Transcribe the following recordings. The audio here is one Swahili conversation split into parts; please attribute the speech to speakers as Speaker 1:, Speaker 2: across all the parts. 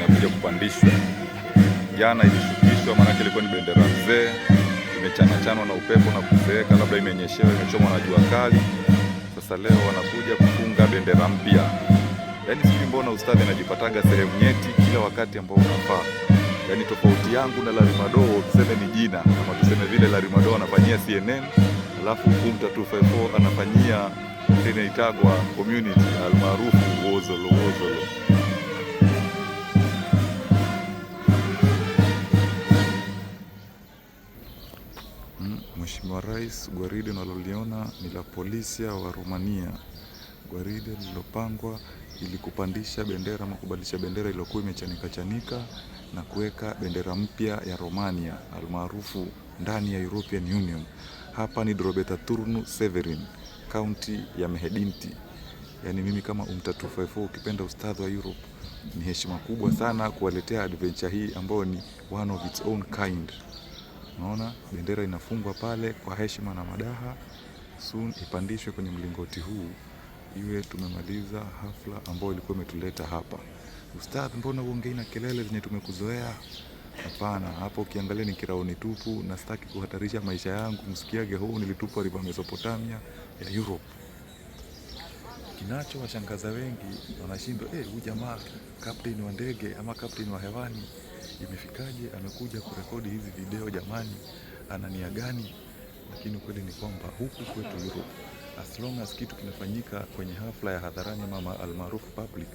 Speaker 1: inakuja kupandishwa. Jana ilishukishwa, maanake ilikuwa ni bendera mzee, imechanachanwa na upepo na kuzeeka, labda imenyeshewa, imechomwa na jua kali. Sasa leo wanakuja kufunga bendera mpya. Yaani sijui mbona ustadhi anajipataga sehemu nyeti kila wakati ambao unafaa. Yaani tofauti yangu na Larimado, tuseme ni jina ama tuseme vile Larimado anafanyia CNN, alafu Kumta 254 anafanyia tena itagwa community almaarufu Wozolo Wozolo.
Speaker 2: Mheshimiwa Rais, gwaride unaloliona ni la polisi wa Romania, gwaride lililopangwa ili kupandisha bendera ama kubadilisha bendera iliyokuwa imechanika chanika na kuweka bendera mpya ya Romania almaarufu ndani ya European Union. Hapa ni Drobeta Turnu Severin, kaunti ya Mehedinti. Yaani mimi kama umta254 ukipenda ustadhi wa Europe, ni heshima kubwa sana kuwaletea adventure hii ambayo ni one of its own kind. Unaona bendera inafungwa pale kwa heshima na madaha, soon ipandishwe kwenye mlingoti huu iwe tumemaliza hafla ambayo ilikuwa imetuleta hapa. Ustadh, mbona uongei na kelele zenye tumekuzoea? Hapana, hapo ukiangalia ni kirauni tupu, na sitaki kuhatarisha maisha yangu. Msikiage huu nilitupa riba Mesopotamia ya Europe. Kinacho washangaza wengi wanashindwa, eh, huyu jamaa kapteni wa ndege ama kapteni wa hewani imefikaje, amekuja kurekodi hizi video jamani, ana nia gani? Lakini ukweli ni kwamba huku kwetu Europe, as long as kitu kinafanyika kwenye hafla ya hadharani mama almaarufu public,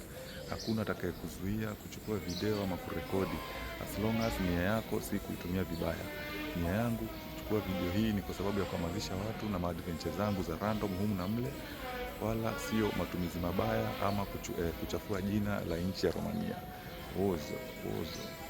Speaker 2: hakuna atakayekuzuia kuchukua video ama kurekodi, as long as nia yako si kuitumia vibaya. Nia yangu kuchukua video hii ni kwa sababu ya kuhamasisha watu na maadventure zangu za random humu na mle wala sio matumizi mabaya ama kuchu, eh, kuchafua jina la nchi ya Romania. Ozo ozo.